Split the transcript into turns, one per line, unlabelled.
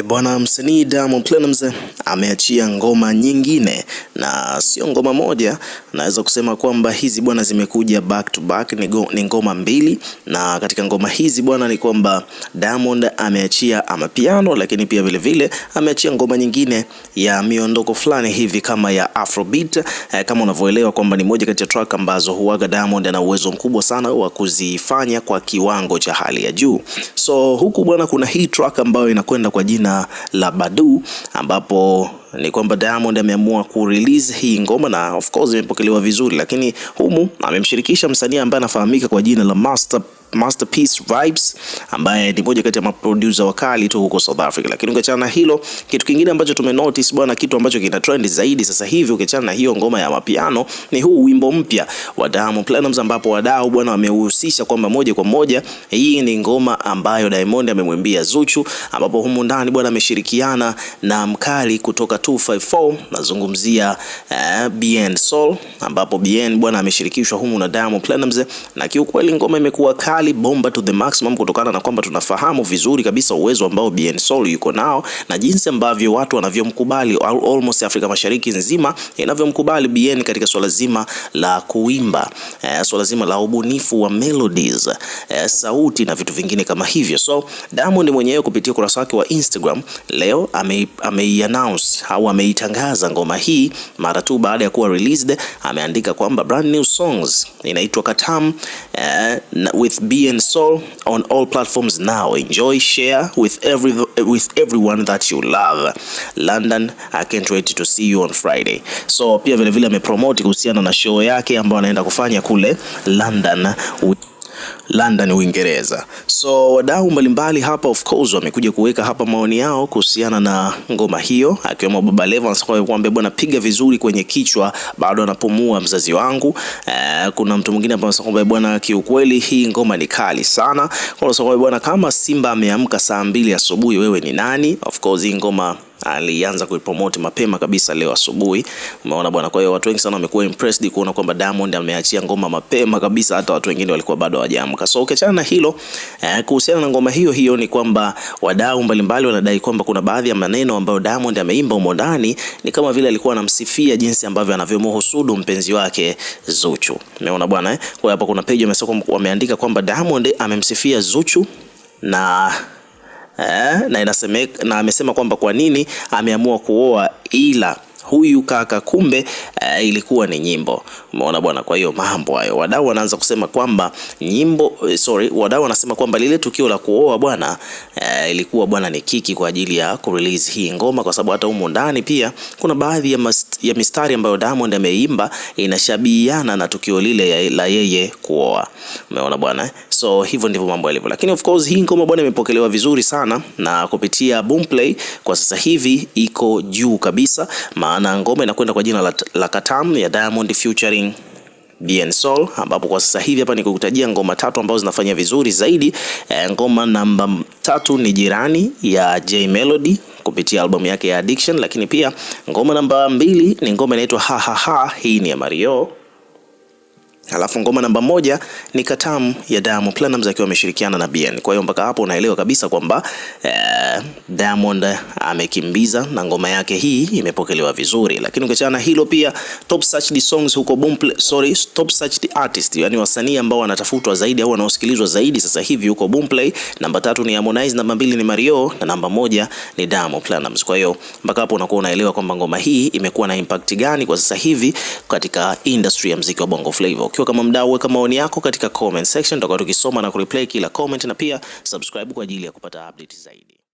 E bwana, msanii Diamond Platnumz ameachia ngoma nyingine na sio ngoma moja. Naweza kusema kwamba hizi bwana zimekuja back to back, ni ngoma mbili, na katika ngoma hizi bwana ni kwamba Diamond ameachia amapiano, lakini pia vile vile ameachia ngoma nyingine ya miondoko fulani hivi kama ya Afrobeat. Eh, kama unavyoelewa kwamba ni moja kati ya track ambazo huaga Diamond ana uwezo mkubwa sana wa kuzifanya kwa kiwango cha hali ya juu. So huku bwana kuna hii track ambayo inakwenda kwa jina jina la Badu ambapo ni kwamba Diamond ameamua release hii ngoma na of course imepokelewa vizuri, lakini humu amemshirikisha msanii ambaye anafahamika kwa jina la Master Masterpiece Vibes ambaye ni moja kati ya maproducer wakali tu huko South Africa. Lakini ukiachana na hilo, kitu kingine ambacho tume notice bwana, kitu ambacho kina trend zaidi sasa hivi ukiachana na hiyo ngoma ya mapiano ni huu wimbo mpya wa Diamond Platnumz, ambapo wadau bwana wamehusisha kwamba moja kwa moja hii ni ngoma ambayo Diamond amemwimbia Zuchu, ambapo humu ndani bwana ameshirikiana na mkali kutoka 254 nazungumzia uh, eh, BN Soul ambapo BN bwana ameshirikishwa humu na Diamond Platnumz, na kiukweli ngoma imekuwa kali bomba to the maximum, kutokana na kwamba tunafahamu vizuri kabisa uwezo ambao BN Soul yuko nao na jinsi ambavyo watu wanavyomkubali almost Afrika Mashariki nzima inavyomkubali BN katika swala zima la kuimba, uh, swala zima la ubunifu wa melodies, uh, sauti na vitu vingine kama hivyo. So Diamond mwenyewe kupitia ukurasa wake wa Instagram leo ame, ame announce wameitangaza ngoma hii mara tu baada ya kuwa released. Ameandika kwamba brand new songs inaitwa Katam uh, with Bien Soul on all platforms now, enjoy share with every with everyone that you love. London, I can't wait to see you on Friday. So pia vilevile amepromote kuhusiana na show yake ambayo anaenda kufanya kule London. London, Uingereza. So wadau mbalimbali hapa of course wamekuja kuweka hapa maoni yao kuhusiana na ngoma hiyo, akiwemo Baba Levo kwamba bwana, piga vizuri kwenye kichwa, bado anapumua mzazi wangu. E, kuna mtu mwingine hapa anasema kwamba bwana, kiukweli hii ngoma ni kali sana. Kwa sababu bwana, kama Simba ameamka saa mbili asubuhi, wewe ni nani? Of course hii ngoma alianza kuipromote mapema kabisa leo asubuhi, umeona bwana. Kwa hiyo watu wengi sana wamekuwa impressed kuona kwamba Diamond ameachia ngoma mapema kabisa, hata watu wengine walikuwa bado hawajaamka. So ukiachana na hilo eh, kuhusiana na ngoma hiyo hiyo ni kwamba wadau mbalimbali wanadai kwamba kuna baadhi ya maneno ambayo Diamond ameimba humo ndani ni kama vile alikuwa anamsifia jinsi ambavyo anavyomhusudu mpenzi wake Zuchu, umeona bwana eh? Kwa hiyo hapa kuna page wameandika kwamba Diamond amemsifia Zuchu na eh, na inasemeka, na amesema kwamba kwa nini ameamua kuoa ila huyu kaka kumbe, uh, ilikuwa ni nyimbo. Umeona bwana. Kwa hiyo mambo hayo, wadau wanaanza kusema kwamba nyimbo, eh, sorry, wadau wanasema kwamba lile tukio la kuoa bwana uh, ilikuwa bwana ni kiki kwa ajili ya kurelease hii ngoma, kwa sababu hata humo ndani pia kuna baadhi ya, ya mistari ambayo Diamond ameimba inashabihiana na tukio lile la yeye kuoa. Umeona bwana, eh? so hivyo ndivyo mambo yalivyo, lakini of course hii ngoma bwana imepokelewa vizuri sana na kupitia Boomplay kwa sasa hivi iko juu kabisa, maana ngoma inakwenda kwa jina la, la Katam ya Diamond featuring Bien Soul ambapo kwa sasa hivi hapa nikukutajia ngoma tatu ambazo zinafanya vizuri zaidi. E, ngoma namba tatu ni jirani ya J Melody kupitia albamu yake ya Addiction, lakini pia ngoma namba mbili ni ngoma inaitwa ha ha ha, hii ni ya Mario Alafu ngoma namba moja ni Katamu ya Diamond Platnumz akiwa ameshirikiana na Bien. Kwa hiyo mpaka hapo unaelewa kabisa kwamba eh, Diamond amekimbiza na ngoma yake hii imepokelewa vizuri. Lakini ukiachana hilo pia top searched songs huko Boomplay, sorry, top searched artist, yani wasanii ambao wanatafutwa zaidi au wanaosikilizwa zaidi sasa hivi huko Boomplay, namba tatu ni Harmonize, namba mbili ni Mario na namba moja ni Diamond Platnumz. Kwa hiyo mpaka hapo unakuwa unaelewa kwamba ngoma hii imekuwa na impact gani kwa sasa hivi katika industry ya muziki wa Bongo Flava ukiwa kama mdau, weka maoni yako katika comment section, tutakuwa tukisoma na kureplay kila comment, na pia subscribe kwa ajili ya kupata update zaidi.